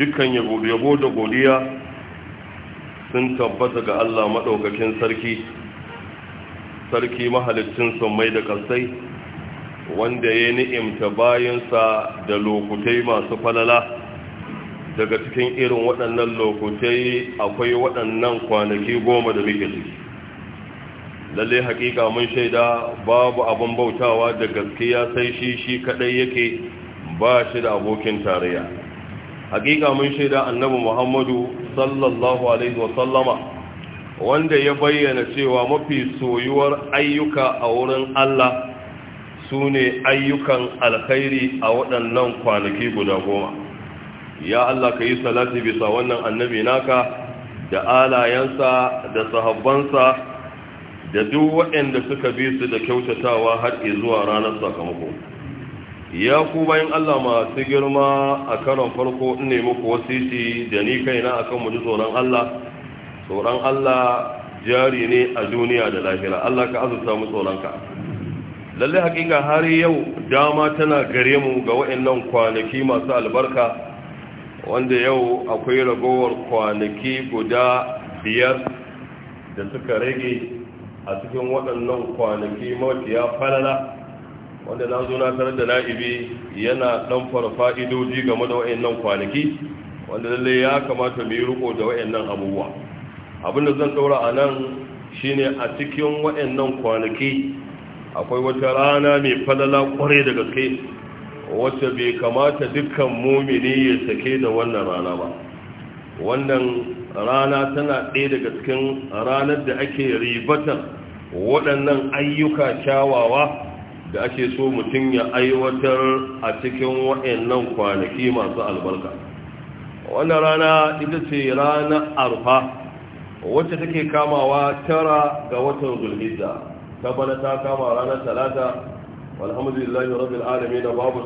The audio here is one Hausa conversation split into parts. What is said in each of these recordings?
dukkan yabo da godiya sun tabbata ga Allah maɗaukakin sarki sarki mahalicin mai da kasai wanda ya ni'imta bayansa da lokutai masu falala daga cikin irin waɗannan lokutai akwai waɗannan kwanaki goma da muke ciki lalle hakika mun shaida babu abin bautawa da gaskiya sai shi shi kaɗai yake ba shi da abokin tarayya hakika mun shaida annabi muhammadu sallallahu alaihi wasallama wanda ya bayyana cewa mafi soyuwar ayyuka a wurin Allah su ne ayyukan alkhairi a waɗannan kwanaki guda goma ya Allah ka yi salati bisa wannan annabi naka da alayensa da sahabbansa da duk waɗanda suka bi su da kyautatawa har zuwa ranar sakamako ya ku bayan Allah masu girma a karon farko ne muku wasiti da ni kaina akan mu ji tsoron Allah tsoron Allah jari ne a duniya da lahira Allah ka azurta mu ka lalle hakika har yau dama tana gare mu ga waɗannan kwanaki masu albarka wanda yau akwai ragowar kwanaki guda biyar da suka rage a cikin waɗannan kwanaki mafiya falala wanda na zo na tarar da na'ibi yana dan fara fa'idoji game da wayannan kwanaki wanda lalle ya kamata mu yi riko da wayannan abubuwa abinda zan daura a nan shine a cikin wayannan kwanaki akwai wata rana mai falala kware da gaske wacce bai kamata dukkan mumini ya sake da wannan rana ba wannan rana tana ɗaya daga cikin ranar da ake ribatar waɗannan ayyuka kyawawa da ake so mutum ya aiwatar a cikin wa'annan kwanaki masu albarka wannan rana ita ce ranar arfa wacce take kamawa tara ga watan zulhijja ta bana ta kama ranar talata alhamdulillahi rabbil alamin da babu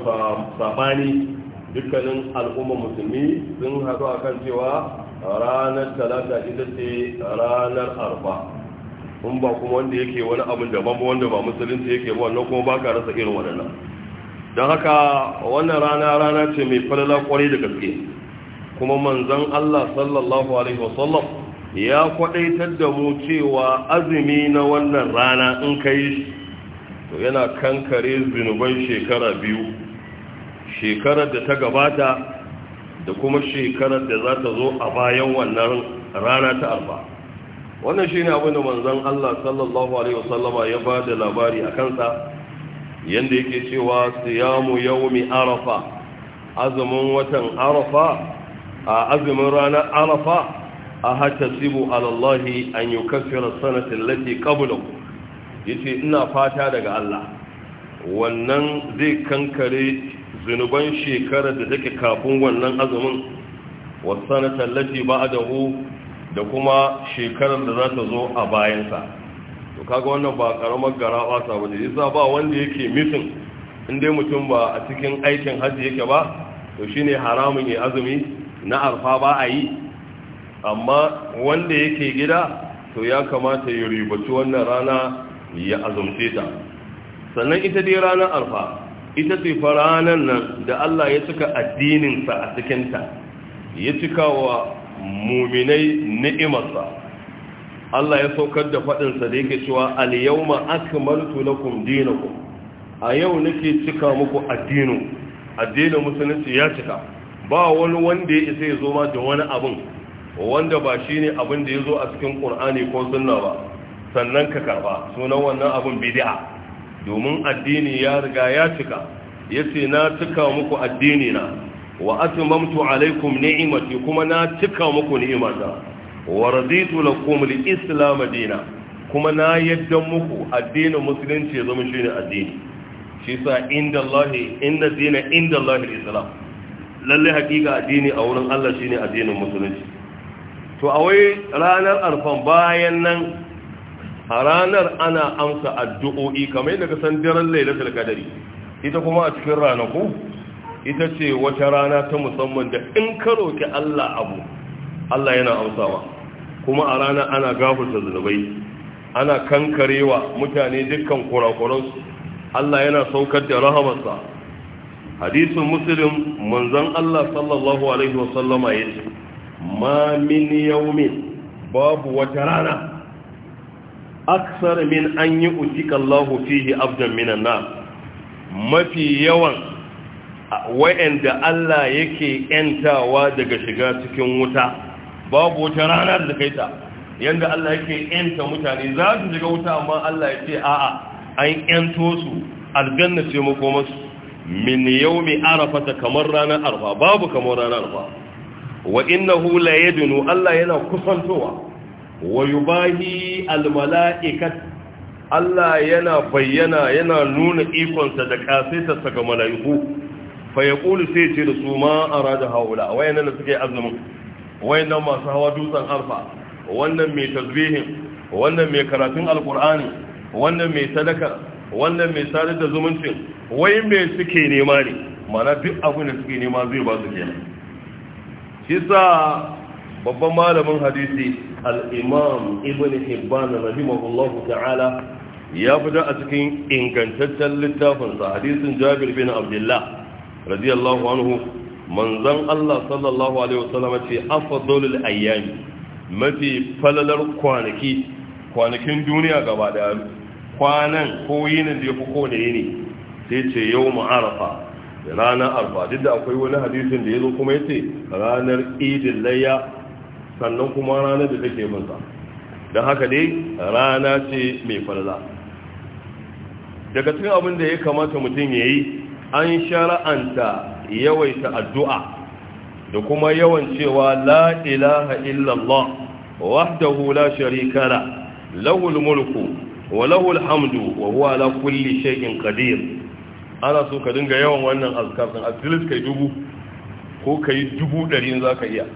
sabani dukkanin al'umma musulmi sun haɗu kan cewa ranar talata ita ce ranar arfa in ba kuma wanda yake wani abin da babu wanda ba musulunci yake ba wannan kuma ba rasa irin waɗannan don haka wannan rana rana ce mai falala kwarai da gaske kuma manzon Allah sallallahu alaihi wasallam ya kwadaitar da mu cewa azumi na wannan rana in kai to yana kankare zinuban shekara biyu shekarar da ta gabata da kuma shekarar da za ta zo a bayan wannan rana ta arba'a wannan shine abin da manzon Allah sallallahu alaihi wasallama ya ba da labari a kansa yadda yake cewa siyamu yawmi arafa azumin watan arafa a azumin ranar arafa a hatta sibu alallahi an yi kafira sanatin lati kabulan yace ina fata daga Allah wannan zai kankare zunuban shekarar da take kafin wannan azumin ba lati dahu. da kuma shekarar da za ta zo a bayansa to kaga wannan ba karamar garawa ta bane yasa ba wanda yake misin in dai mutum ba a cikin aikin haji yake ba to shine haramun ya azumi na arfa ba a yi amma wanda yake gida to ya kamata ya ribaci wannan rana ya azumce ta sannan ita dai ranar arfa ita ce fa ranar nan da Allah ya cika addininsa a cikinta ya cika wa muminai ni'imarsa Allah ya saukar da faɗinsa da yake cewa al-yawma akmaltu lakum dinakum a yau nake cika muku addinu addinin musulunci ya cika ba wani wanda ya isa ya zo ma da wani abin wanda ba shine abin da ya zo a cikin Qur'ani ko sunna ba sannan ka karba sunan wannan abin bid'a domin addini ya riga ya cika yace na cika muku addini na wa atmamtu alaikum ni'imati kuma na cika muku ni'imata wa raditu lakum al-islam dinan kuma na yadda muku addinin musulunci ya zama shine addini shi sa inda Allah inda dina inda Allah al-islam lalle hakika addini a wurin Allah shine addinin musulunci to a wai ranar arfan bayan nan a ranar ana amsa addu'o'i kamar yadda ka san daren lailatul qadari ita kuma a cikin ranaku ita ce wata rana ta musamman da in ka roƙi Allah abu Allah yana amsawa kuma a rana ana gafarta zunubai ana kankarewa mutane dukkan kurakuransu Allah yana saukar da rahamarsa hadisin muslim manzon Allah sallallahu alaihi wa sallama yace ma min yawmin babu wata rana aksar min an yi utika Allah fihi abdan minan nar mafi yawan wa'anda Allah yake ‘yantawa daga shiga cikin wuta babu wata rana da kai ta yadda Allah yake ‘yanta mutane za su shiga wuta amma Allah ya ce a'a an ‘yanto su aljanna ce musu min yau mai arafata kamar ranar arfa babu kamar ranar arfa wa innahu la yadunu Allah yana kusantowa wa yubahi almala'ikat Allah yana bayyana yana nuna ikonsa da kasaitarsa ga mala'iku fa sai ce da su ma arada haula wayannan da suke azumin wayannan masu hawa dutsen alfa wannan mai tasbihin wannan mai karatun alqur'ani wannan mai sadaka wannan mai sadar da zumuncin, wai me suke nema ne mana duk abin da suke nema zai ba su kenan shi sa babban malamin hadisi al-imam ibn hibban rahimahullahu ta'ala ya fita a cikin ingantaccen littafinsa hadisin jabir bin abdullah radiyallahu anhu manzan Allah sallallahu alaihi wasallam ce afdalul ayyami mafi falalar kwanaki kwanakin duniya gaba daya kwanan ko yinin da yafi kowane yini sai ce yawmu arafa ranar arfa duk da akwai wani hadisin da yazo kuma yace ranar idil layya sannan kuma ranar da take binsa don haka dai rana ce mai falala daga cikin abin da ya kamata mutum ya yi an shara'anta yawaita addu'a da kuma yawan cewa la ilaha illallah wahdahu la sharika la lahul mulku wa lahul hamdu wa huwa kulli shay'in qadir ana so ka dinga yawan wannan azkar din at least kai dubu ko kai dubu dari zaka iya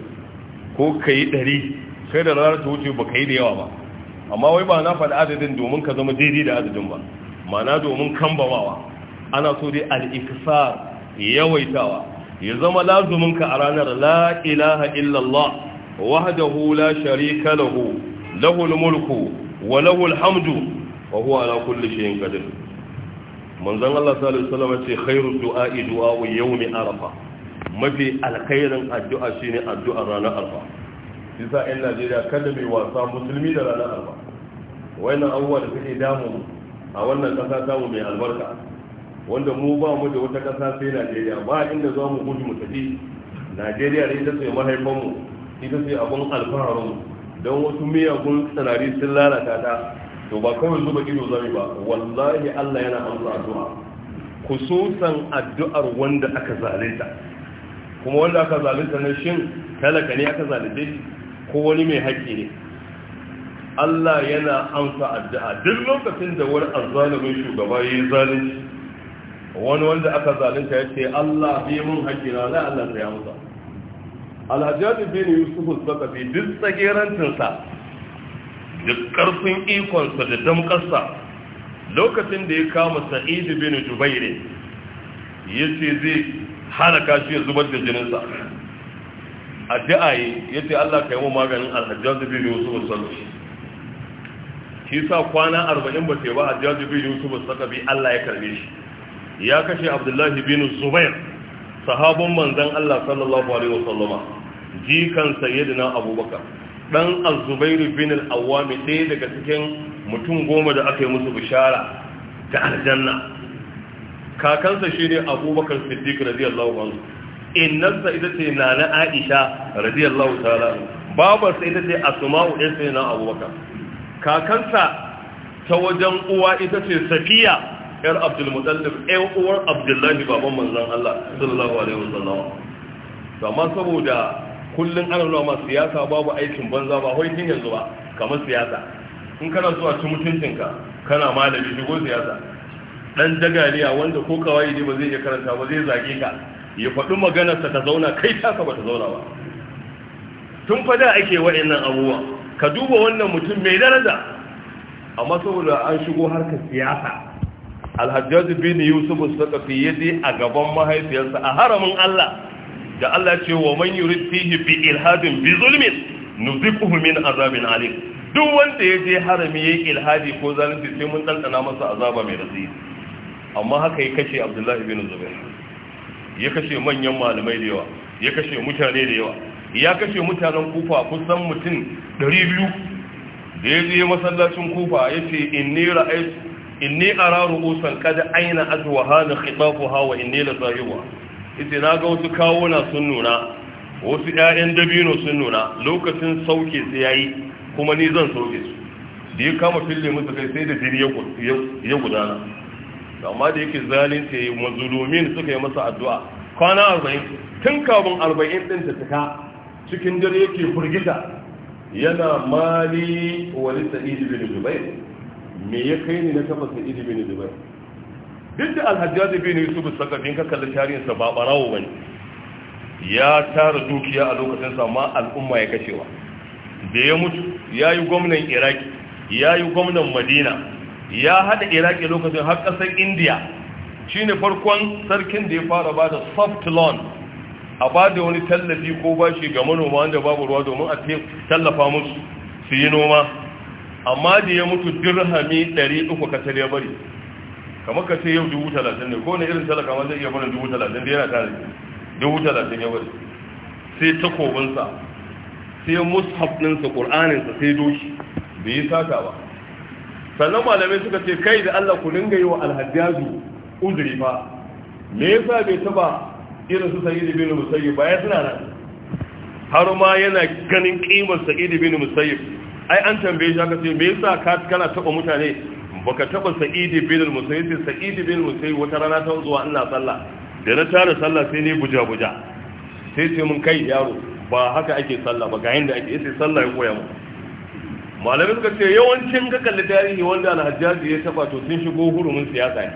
ko kai dari kai da ranar ta wuce ba yi da yawa ba amma wai ba na faɗi adadin domin ka zama daidai da adadin ba ma'ana domin kambamawa ana so dai al yawaitawa ya zama lazuminka a ranar la ilaha illallah wahdahu la sharika lahu lahul mulku wa lahul hamdu wa huwa ala kulli shay'in qadir manzon Allah sallallahu alaihi wasallam ce khairu du'a'i du'a'u yawmi arafa mafi alkhairin addu'a shine addu'ar ranar arfa yasa ɗan Najeriya kada mai wasa musulmi da ranar arfa wannan abubuwa da suke damu a wannan ƙasa samu mai albarka wanda mu ba mu da wata ƙasa sai najeriya ba inda za mu gudu mu tafi najeriya da ita mu mahaifanmu ita ce abin alfaharinmu don wasu miyagun tsanari sun lalata ta to ba kawai zuba ido zami ba wallahi allah yana amsa addu'a kususan addu'ar wanda aka zalunta kuma wanda aka zalunta na shin talaka ne aka zalunta ko wani mai haƙƙi ne Allah yana amsa addu'a duk lokacin da wani azzalumin shugaba ya yi zalunci wani wanda aka zalunta ya ce Allah fi mun hakina na Allah ta ya musa alhajjaji bin yusuf fi duk tsagerantinsa duk ƙarfin ikonsa da damkarsa lokacin da ya kama sa'idu bin jubairi ya ce zai hana kashi ya zubar da jininsa addu'a yi ya ce Allah ka yi mu maganin alhajjaji bin yusuf zakafi shi sa kwana arba'in ba ce ba a jajibi yusuf saka bi allah ya karbe shi ya kashe abdullahi bin zubair sahabon manzan Allah sallallahu alaihi wasallama jikan sayyidina abubakar dan al zubairu bin al-awwami ɗaya daga cikin mutum goma da aka yi musu bishara ta aljanna kakansa shi ne abubakar siddiq radiyallahu anhu innarsa ita ce nana aisha radiyallahu ta'ala babarsa ita ce asma'u ɗaya na abubakar kakansa ta wajen uwa ita ce safiya yar abdul mutallif ɗan uwar abdullahi baban manzon Allah sallallahu alaihi wasallam amma saboda kullun ana ma siyasa babu aikin banza ba wai yanzu ba kamar siyasa in kana zuwa ci ka kana malami shigo siyasa dan dagaliya wanda ko kawai ne ba zai iya karanta ba zai zage ka ya faɗi maganarsa ta zauna kai taka ba ta zauna ba tun fa da ake wa'annan abubuwa ka duba wannan mutum mai daraja amma saboda an shigo harkar siyasa alhajjaji bin yusuf sakafi ya je a gaban mahaifiyarsa a haramin Allah da Allah ce wa man yurid fihi bi ilhadin bi zulmin nuziquhu min azabin alim duk wanda ya je harami yayi ilhadi ko zalunci sai mun dantsana masa azaba mai rasi amma haka ya kashe Abdullahi bin Zubair ya kashe manyan malamai da yawa ya kashe mutane da yawa ya kashe mutanen kufa kusan mutum 200 da ya je masallacin kufa ya ce inni ra'aytu inni ara ru'usan kada aina azwahana khitafuha wa inni la zahiwa Ita na ga wasu kawo na sun nuna wasu ƴaƴan dabino sun nuna lokacin sauke sai yayi kuma ni zan sauke su da ya kama fille musu kai sai da jiri ya gudana amma da yake zalunta yayi mazulumin suka yi masa addu'a kwana 40 tun kafin 40 din ta cika, cikin dare yake furgita yana mali wa lisa'id bin zubair me ya kai ni na tabbas da idi bin zubair duk da alhajjaj bin yusuf sakafin ka kalli tarihinsa ba barawo bane ya tara dukiya a lokacin sa al'umma ya kashewa da ya mutu yayi yi gwamnan iraki ya yi gwamnan madina ya hada iraki lokacin har kasar india shine farkon sarkin da ya fara bada da soft loan a bada wani tallafi ko bashi ga manoma wanda babu ruwa domin a tallafa musu su yi noma amma da ya mutu dirhami 300 ka ya bari kamar ka ce yau 30 ne ko ne irin talaka ma zai iya dubu 30 da yana tare 30 ya bari sai takobinsa sai mushaf ɗinsa ƙur'aninsa sai doshi bai yi sata ba sannan malamai suka ce kai da Allah ku dinga yi wa alhajjazu uzuri fa me yasa bai taba irin su da bin musayyib ba ya suna nan har ma yana ganin kimar da bin musayyib ai an tambaye shi aka ce me yasa ka kana taba mutane baka taba sa'idi bin al-musayyib sai sa'idi bin al-musayyib wata rana ta zuwa Allah sallah da na tara sallah sai ne buja buja sai ce mun kai yaro ba haka ake sallah ba ga yanda ake sai sallah ya koya mu malamin suka ce yawancin ga kalli tarihi wanda al-hajjaji ya taba to sun shigo hurumin siyasa ne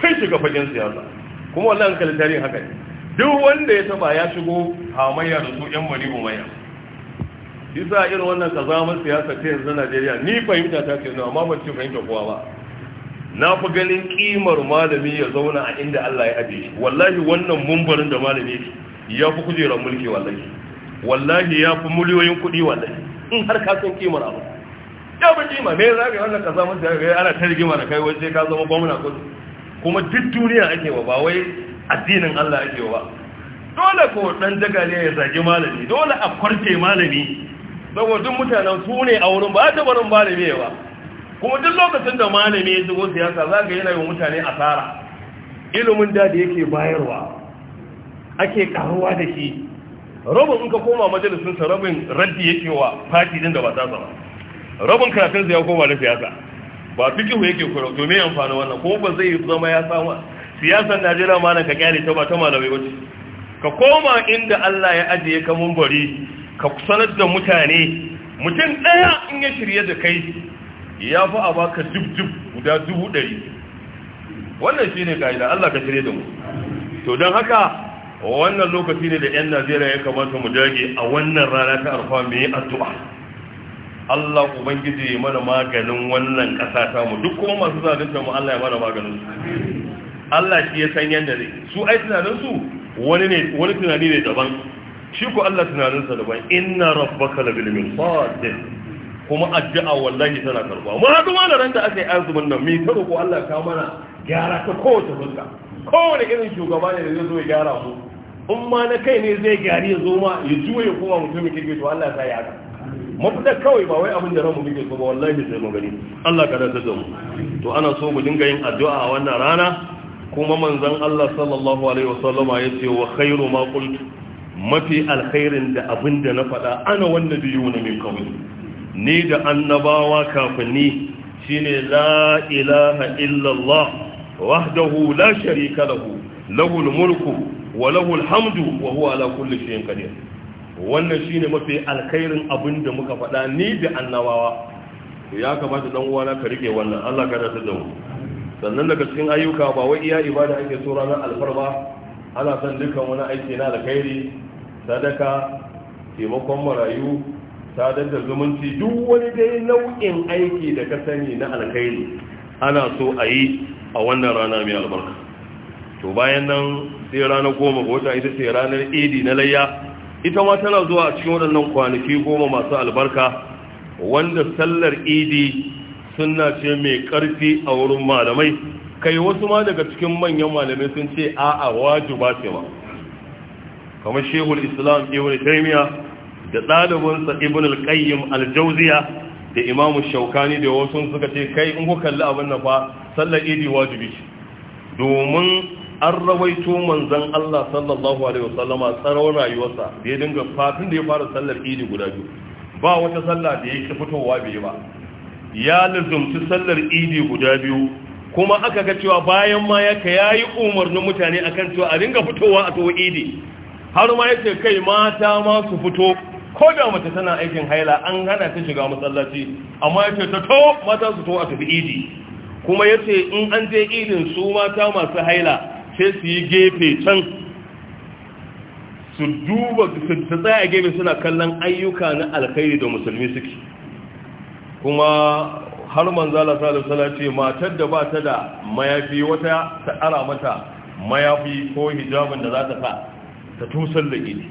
sai shiga fagen siyasa kuma wallahi kalli tarihi haka ne duk wanda ya taba ya shigo hamayya da su yan mu umayya sa irin wannan kazamar siyasa ta yanzu Najeriya ni fahimta ta ce amma ba ci fahimta kowa ba na fi ganin kimar malami ya zauna a inda Allah ya aje shi wallahi wannan mumbarin da malami ya fi kujerar mulki wallahi wallahi ya fi miliyoyin kuɗi wallahi in har ka san kimar abu ya fi kima me za ka wannan kazamar siyasa eh, ana ta rigima da kai wai sai ka zama gwamna ko kuma duk duniya ake wa ba wai addinin Allah ake wa ba dole ko dan jagale ya zagi malami dole a kwarce malami saboda duk mutanen su ne a wurin ba a taɓa nan malami ba kuma duk lokacin da malami ya shigo siyasa za ka yana yi wa mutane asara ilimin da da yake bayarwa ake karuwa da shi rabin in ka koma majalisunsa rabin raddi yake wa fati din da ba tasa ba rabin karatunsa ya koma da siyasa ba fikihu yake kura to me amfani wannan ko ba zai zama ya samu siyasar najeriya ma ka kyale ta ba ta malamai wacce ka koma inda allah ya ajiye ka mun bari ka sanar da mutane mutum ɗaya in ya shirye da kai ya fi a baka jibjib guda dubu ɗari wannan shi ne ƙa'ida Allah ka shirye da mu to don haka wannan lokaci ne da 'yan najeriya ya kamata mu dage a wannan rana ta arfa mai addu'a Allah ubangiji ya mana maganin wannan ƙasa ta mu duk kuma masu zalunta mu Allah ya mana maganin su Allah shi ya san yadda ne su ai tunanin su wani tunani ne daban shi ku Allah tunaninsa daban inna rabbaka labil mirsad kuma addu'a wallahi tana karba mu haɗu ma da aka yi azumin nan mi ta ko Allah ka mana gyara ta kowace fuska kowane irin shugaba ne da zai zo ya gyara mu in ma na kai ne zai gyari ya zo ma ya juya kuma mutumin kirki to Allah ta yi haka mafita kawai ba wai abin da ranmu muke so ba wallahi sai mu gani Allah ka dace da mu to ana so mu dinga yin addu'a a wannan rana kuma manzon Allah sallallahu alaihi wasallama yace wa khairu ma qultu mafi alkhairin da abin da na faɗa ana wanda biyu na min kawai ni da annabawa kafin ni shine la ilaha illallah wahdahu la sharika lahu lahul mulku wa lahul hamdu wa huwa ala kulli shay'in qadir wannan shine mafi alkhairin abin da muka faɗa ni da annabawa ya kamata dan uwana ka rike wannan Allah ka dace da mu sannan daga cikin ayyuka ba wai iya ibada ake so ranar alfarba ana son dukkan wani aiki na alkhairi sadaka taimakon marayu sadar da zumunci duk wani dai nau'in aiki da ka sani na alkhairi ana so a yi a wannan rana mai albarka to bayan nan sai rana goma ta ita ce ranar idi na layya ita ma tana zuwa a cikin waɗannan kwanaki goma masu albarka wanda sallar idi sunna ce mai ƙarfi a wurin malamai kai wasu ma daga cikin manyan malamai sun ce a'a wajiba ce ba kamar shehul islam ibn taymiya da ɗalibinsa ibn al-qayyim al jauziya da imamu shaukani da wasu suka ce kai in ku kalli abin nan fa sallar idi wajibi domin an rawaito manzon Allah sallallahu alaihi wasallama tsaron rayuwarsa da ya dinga fatin da ya fara sallar idi guda biyu ba wata sallah da ya ki fitowa bai ba ya lazumci sallar idi guda biyu kuma aka ga cewa bayan ma yaka yayi umarnin mutane akan cewa a dinga fitowa a to idi har ma yace kai mata ma su fito ko da mace tana aikin haila an hana ta shiga masallaci amma yace ta to mata su to a tafi idi kuma yace in an je idin su mata masu haila sai su yi gefe can su duba su tsaya gefe suna kallon ayyuka na alkhairi da musulmi suke kuma har manzala sallallahu alaihi ce matar da ba ta da mayafi wata ta ara mata mayafi ko hijabin da za ta sa ta tusar da idi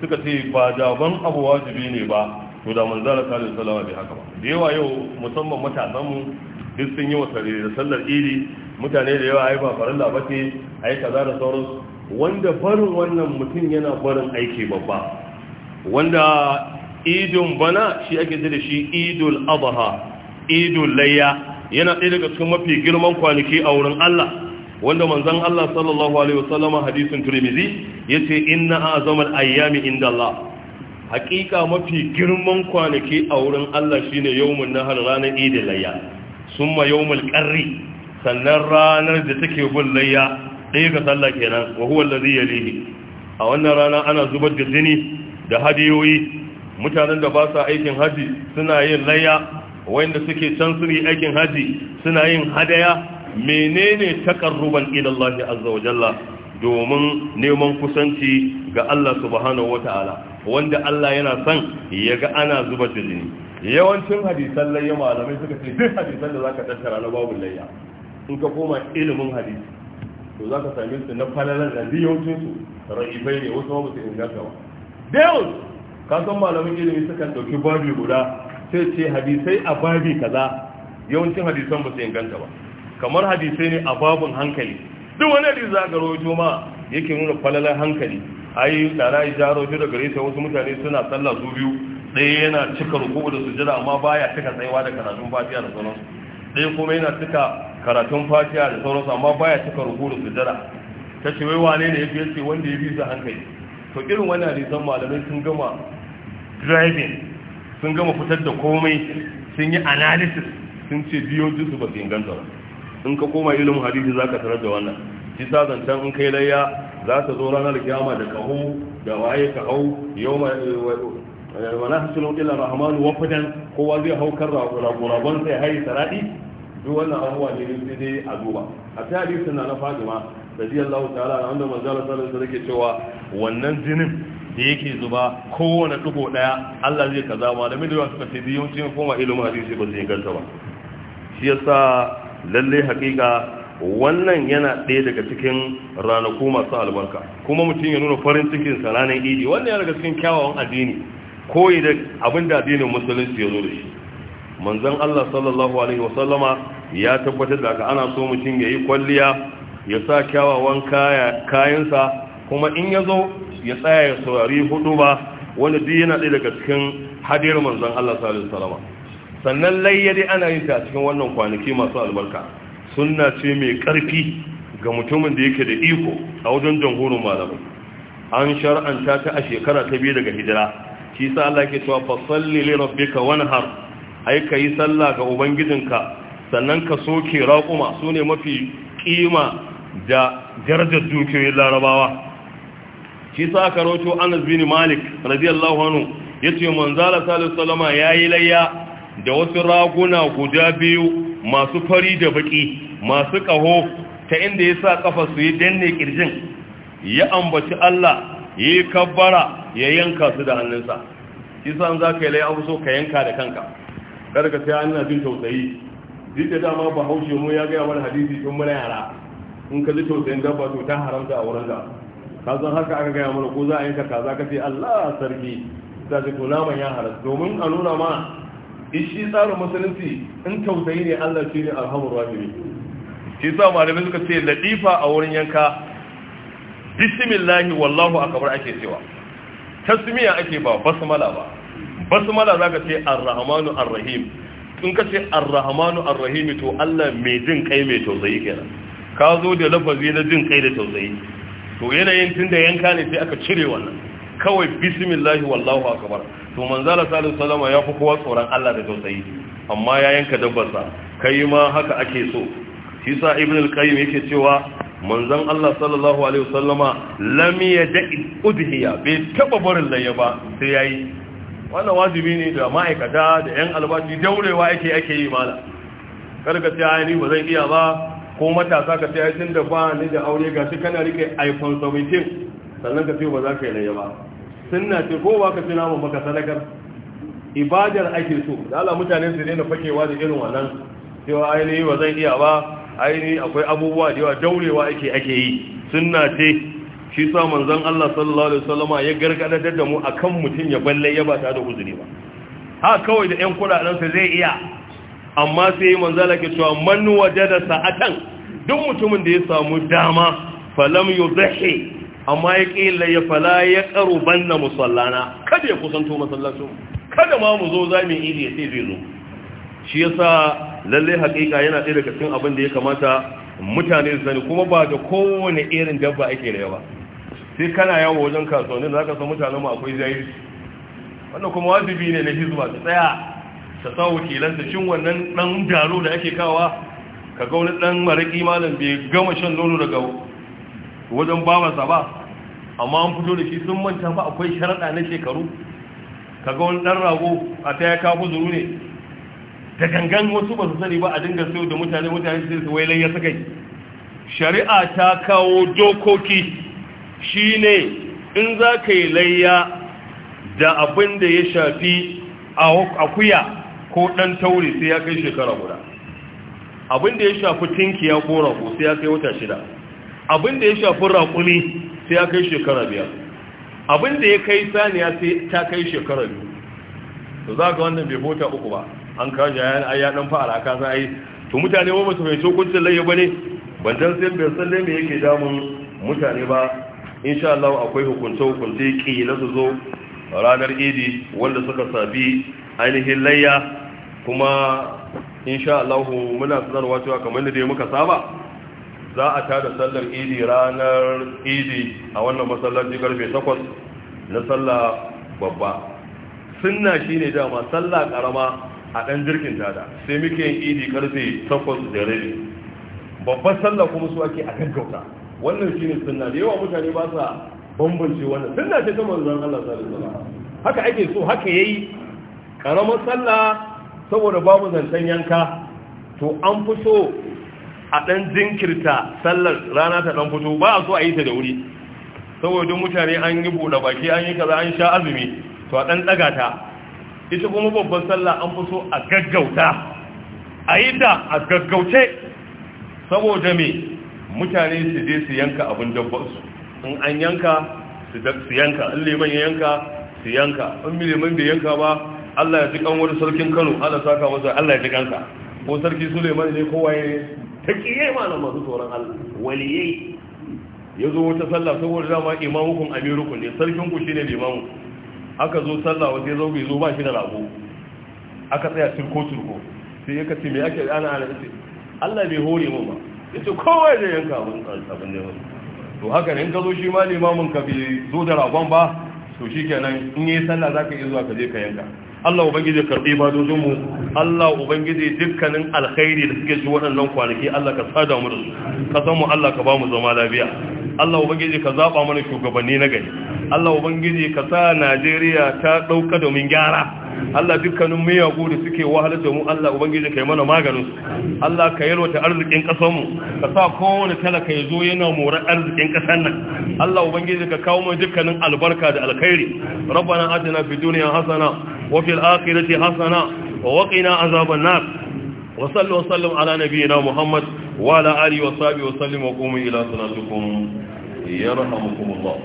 suka ce ba daban abu wajibi ne ba to da manzala sallallahu alaihi wasallam bai haka ba da yawa yau musamman matasan mu duk sun yi wa da sallar idi mutane da yawa ai ba farilla ce ai kaza da sauran wanda barin wannan mutum yana barin aiki babba wanda idun bana shi ake ji da shi idul adha idul layya yana ɗaya daga cikin mafi girman kwanaki a wurin Allah wanda manzon Allah sallallahu alaihi wasallam hadisin ce yace inna azamal ayyami inda Allah hakika mafi girman kwanaki a wurin Allah shine yawmun nahar ranar Idil layya summa yawmul qarri sannan ranar da take bin layya ɗaya ga sallah kenan wa zai allazi yalihi a wannan rana ana zubar da jini da hadiyoyi mutanen da ba sa aikin haji suna yin layya wanda suke can sun yi aikin haji suna yin hadaya menene takarruban ila Allah azza wa jalla domin neman kusanci ga Allah subhanahu wata'ala wanda Allah yana son ya ga ana zuba jini yawancin hadisan layya malamai suka ce duk hadisan da zaka tattara na babu layya in ka koma ilimin hadisi to za ka same su na falalan da yawancin su ra'ibai ne wasu ba su inganta ba dai ka kasan malamin ilimi sukan ɗauki babu guda sai ce hadisai a babi kaza yawancin hadisan ba su inganta ba kamar hadisai ne a babun hankali duk wani hadisi za a rojo ma yake nuna falalar hankali ai tsara ya jaro shi daga resa wasu mutane suna sallah su biyu ɗaya yana cika rukuku da sujada amma ba ya cika tsayawa da karatun fatiya da sauransu ɗaya kuma yana cika karatun fatiya da sauransu amma ba ya cika rukuku da sujada ta ce wai wane ne fiye ce wanda ya bi su hankali to irin wannan hadisan malamai sun gama driving sun gama fitar da komai sun yi analysis sun ce biyo jinsu ba su inganta ba in ka koma ilimin hadisi ka tarar da wannan shi sa zancan in kai layya za ta zo ranar kiyama da kaho da waye ka hau yau mana hasilun ila rahmanu wafadan kowa zai hau kan rabon sai hari saradi duk wannan abubuwa ne sai dai a duba a ta hadisin na na fadima radiyallahu ta'ala na wanda manzala sallallahu alaihi wasallam cewa wannan jinin da yake zuba kowane dugo daya Allah zai kaza malamin da yawa suka sai biyu cin koma ilimin hadisi ba su ganta ba shi yasa Lallai hakika wannan yana ɗaya daga cikin ranaku masu albarka kuma mutum ya nuna farin cikin ranar idi wannan yana daga cikin kyawawan addini ko da abin da addinin musulunci ya zo da shi manzon Allah sallallahu alaihi wasallama ya tabbatar da ana so mutum ya yi kwalliya ya sa kyawawan kayansa kuma in ya zo ya tsaya ya saurari hudu ba wanda duk yana ɗaya daga cikin hadiyar manzon Allah sallallahu alaihi wasallama sannan layya ana yin ta cikin wannan kwanaki masu albarka sunna ce mai karfi ga mutumin da yake da iko a wajen jamhurin malamai an shar'anta ta a shekara ta biyu daga hijira shi sa Allah ke cewa salli li rabbika wanhar ai kai sallah ga ubangijinka sannan ka soke raƙuma sune mafi kima da darajar dukiyoyin larabawa shi sa karoto Anas bin Malik radiyallahu anhu yace manzala sallallahu alaihi wasallama yayi layya da wasu raguna guda biyu masu fari da baki masu kaho ta inda ya sa kafa su yi danne kirjin ya ambaci Allah ya yi kabbara ya yanka su da hannunsa isan za ka yi lai abu so ka yanka da kanka kada ka sai ana jin tausayi duk da dama ba haushe mu ya gaya wani hadisi tun muna yara in ka ji tausayin dabba to ta haramta a wurin da ka san haka aka gaya mana ko za a yanka kaza ka ce Allah sarki za ka naman ya haramta domin a nuna ma shi tsarin musulunci in tausayi ne Allah shi ne alhamur rahimi shi sa malamai suka ce ladifa a wurin yanka bismillahi wallahu akbar ake cewa tasmiya ake ba basmala ba basmala zaka ce arrahmanu arrahim in ka ce arrahmanu arrahim to Allah mai jin kai mai tausayi kenan ka zo da lafazi na jin kai da tausayi to yanayin tunda yanka ne sai aka cire wannan kawai bismillahi wallahu akbar to manzala sallallahu alaihi ya fi kowa tsoron Allah da tausayi amma ya yanka dabbarsa kai ma haka ake so shi sa ibn al-qayyim yake cewa manzon Allah sallallahu alaihi wasallama lam yada'i udhiya bai taba barin layya ba sai yayi wannan wajibi ne da ma'aikata da yan albashi daurewa yake ake yi mala karka ce ai ni ba zan iya ba ko matasa ka ce tun da ba ni da aure gashi kana rike iPhone 17 sannan ka ce ba za ka yi layyaba. sunna ce kowa ka fi namun baka sadakar ibadar ake so da ala mutane su daina fakewa da irin wannan cewa ainihi ba zan iya ba ainihi akwai abubuwa da yawa daurewa ake ake yi sunna ce shi sa manzon Allah sallallahu alaihi wasallama ya gargada da mu akan mutum ya balle ya ba ta da uzuri ba ha kawai da yan kuɗaɗen sa zai iya amma sai manzon Allah ke cewa man wajada sa'atan duk mutumin da ya samu dama falam yuzhi amma ya ƙila ya fala ya ƙaru banna musallana kada ya kusanto masallacin kada ma mu zo za mu yi ya sai zai zo shi yasa lallai haƙiƙa yana ɗaya daga cikin abin da ya kamata mutane su sani kuma ba da kowane irin dabba ake da yawa sai kana yawo wajen kasuwanni za ka san mutanen mu akwai jayi wannan kuma wajibi ne na hizba ta tsaya ta sa ta shin wannan dan daro da ake kawa ka ga wani dan maraki malam bai gama shan nono daga wajen masa ba amma an fito da shi sun manta ba akwai sharaɗa na shekaru kaga wani ɗan rago a ta ya kafu zuru ne da gangan wasu ba su sani ba a dinga sayo da mutane mutane su su wailai ya sakai shari'a ta kawo dokoki shine in za ka yi layya da abin da ya shafi akuya ko ɗan taure sai ya kai shekara guda abin da ya shafi tinkiya ko rago sai ya kai wata shida abin da ya shafi raƙumi sai ya kai shekara biyar abin ya kai saniya sai ta kai shekara biyu to za ga wannan bai hota uku ba an kawo jayen ai ya dan fara ka a yi. to mutane ba su fahimci hukuncin laye bane ban dan sai bai san me yake damun mutane ba insha Allah akwai hukunce hukunce na su zo ranar idi wanda suka sabi ainihin layya kuma insha Allah muna sanarwa cewa kamar da muka saba za a tada sallar idi ranar idi a wannan masallaci karfe 8 na sallah babba sunna shine dama sallah karama a dan jirkin tada sai muke yin idi karfe 8 da rabi babbar sallah kuma su ake a kan gauta. wannan shine sunna da yawa mutane ba sa bambance wannan sunna ce ta manzon Allah sallallahu alaihi wasallam haka ake so haka yayi karamar sallah saboda babu zancen yanka to an fi so a ɗan jinkirta sallar rana ta ɗan fito ba a so a yi ta da wuri saboda mutane an yi buɗa baki an yi kaza an sha azumi to a ɗan ɗaga ta ita kuma babban sallah an fi so a gaggauta a yi ta a gaggauce saboda me mutane su je su yanka abin dabbansu in an yanka su yanka in liman ya yanka su yanka in liman bai yanka ba Allah ya ji kan wani sarkin Kano Allah saka masa Allah ya ji kansa ko sarki Suleiman ne kowa ne taƙiye malam masu tsoron Allah waliyai ya zo wata sallah saboda dama Amiru amirukun ne ku shi ne limamu aka zo sallah wata ya zo bai zo ba shi da rago aka tsaya turko-turko sai ya kace mai ake ana ana ce Allah bai hore mu ba ya ce kowa zai yanka abin abin da to haka ne in ka zo shi ma limamin ka bai zo da ragon ba to shi kenan in yi sallah za ka iya zuwa ka je ka yanka Allah ubangiji karɓi ba dozon mu Allah ubangiji dukkanin alkhairi da suke ji waɗannan kwanaki Allah ka sada mu da su ka san mu Allah ka ba mu zama lafiya Allah ubangiji ka zaɓa mana shugabanni na gari Allah ubangiji ka sa Najeriya ta ɗauka domin gyara Allah dukkanin miyagu da suke wahalar da mu Allah ubangiji ka yi mana maganin su Allah ka yalwata arzikin kasar mu ka sa kowane talaka ya zo yana moran arzikin kasar nan Allah ubangiji ka kawo mu dukkanin albarka da alkhairi rabbana atina fid dunya hasana wa fil akhirati hasana ووقنا عذاب النار وصلوا وسلم على نبينا محمد وعلى آله وصحبه وسلم وقوموا إلى صلاتكم يرحمكم الله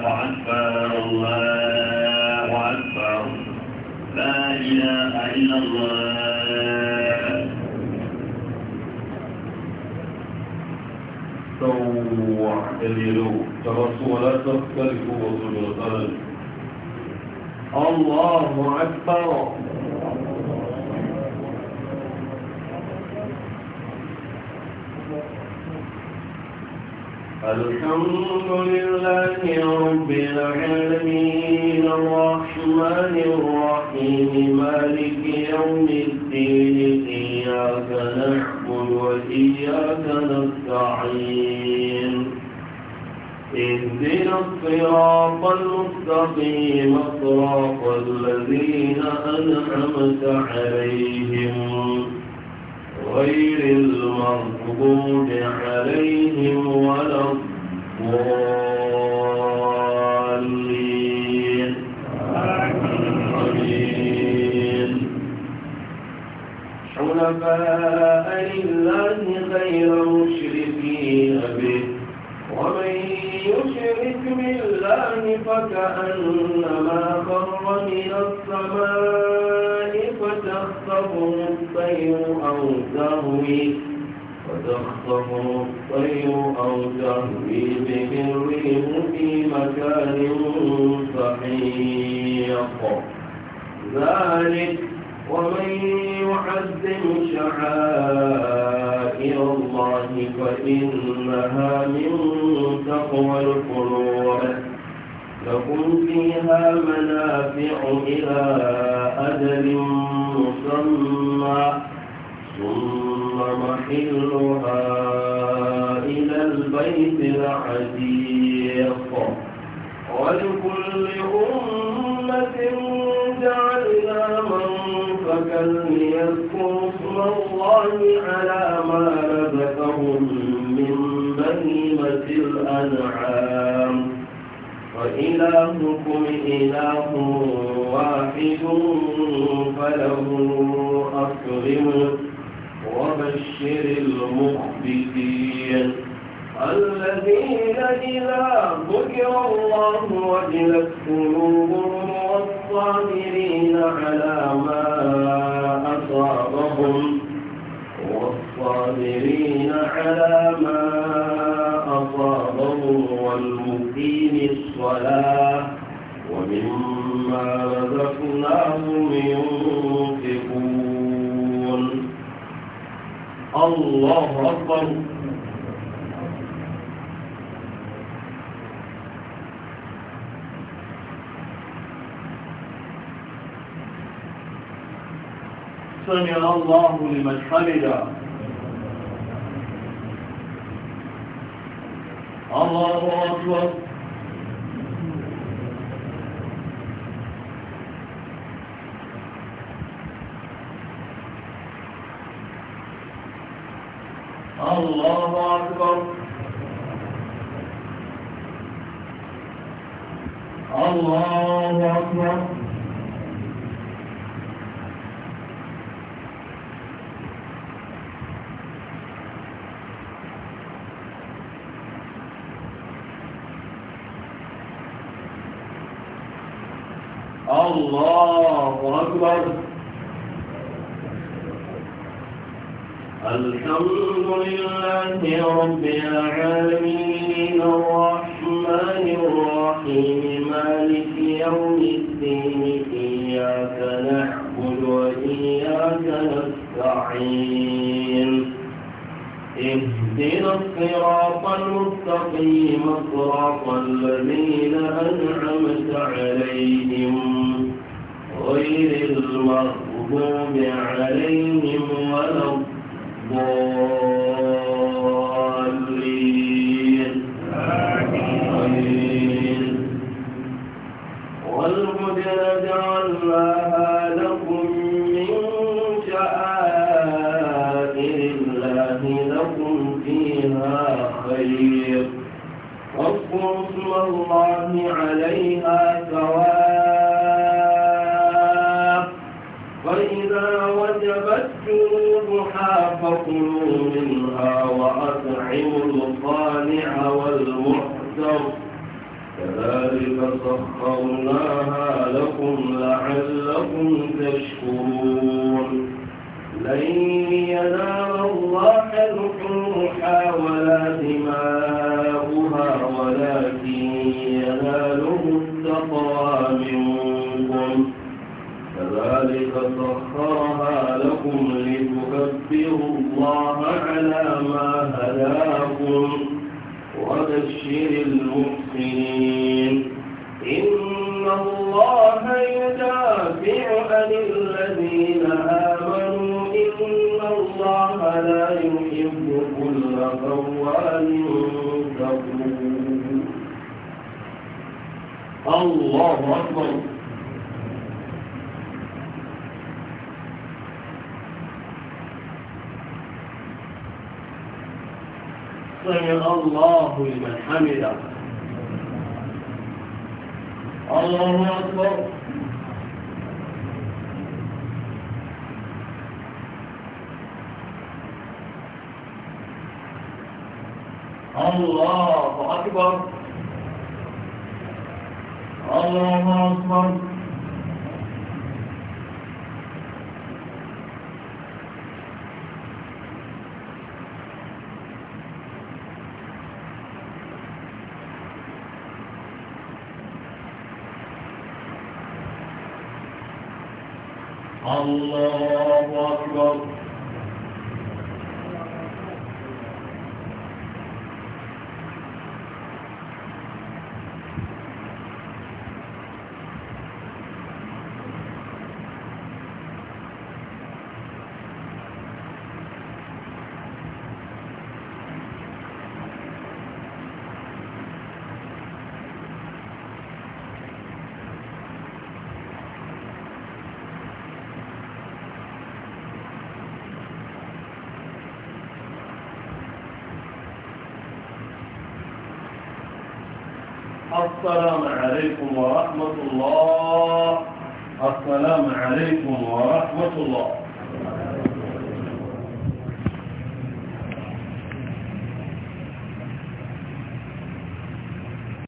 الله أكبر الله أكبر لا إله إلا الله سووا اليلو تبصوا ولا تختلفوا وصلوا الله أكبر الحمد لله رب العالمين الرحمن الرحيم مالك يوم الدين إياك نعبد وإياك نستعين اهدنا الصراط المستقيم صراط الذين أنعمت عليهم غير المغضوب المغضوب عليهم ولا الضالين آمين حنفاء لله خير مشركين به ومن يشرك بالله فكأنما خر من السماء فتخطفه الطير أو تهوي وتخطفه الطير أو تهوي به الريح في مكان سحيق ذلك ومن يعزم شعائر الله فإنها من تقوى القلوب لكم فيها منافع إلى أجل مسمى ثم محلها إلى البيت العتيق ولكل أمة جعلنا منفكا ليذكروا اسم الله على ما رزقهم من بهيمة الأنعام وإلهكم إله واحد فله الذين إذا ذكر الله وجلت سمع الله لمن حمده الله أكبر الله أكبر الله أكبر أقرأت بعض الحمد لله رب العالمين الرحمن الرحيم مالك يوم الدين إياك نعبد وإياك نستعين اهدنا الصراط المستقيم صراط الذين أنعمت عليهم المغضوب عليهم ولا الضالين الله لمن حمده الله أكبر الله أكبر الله أكبر الله أكبر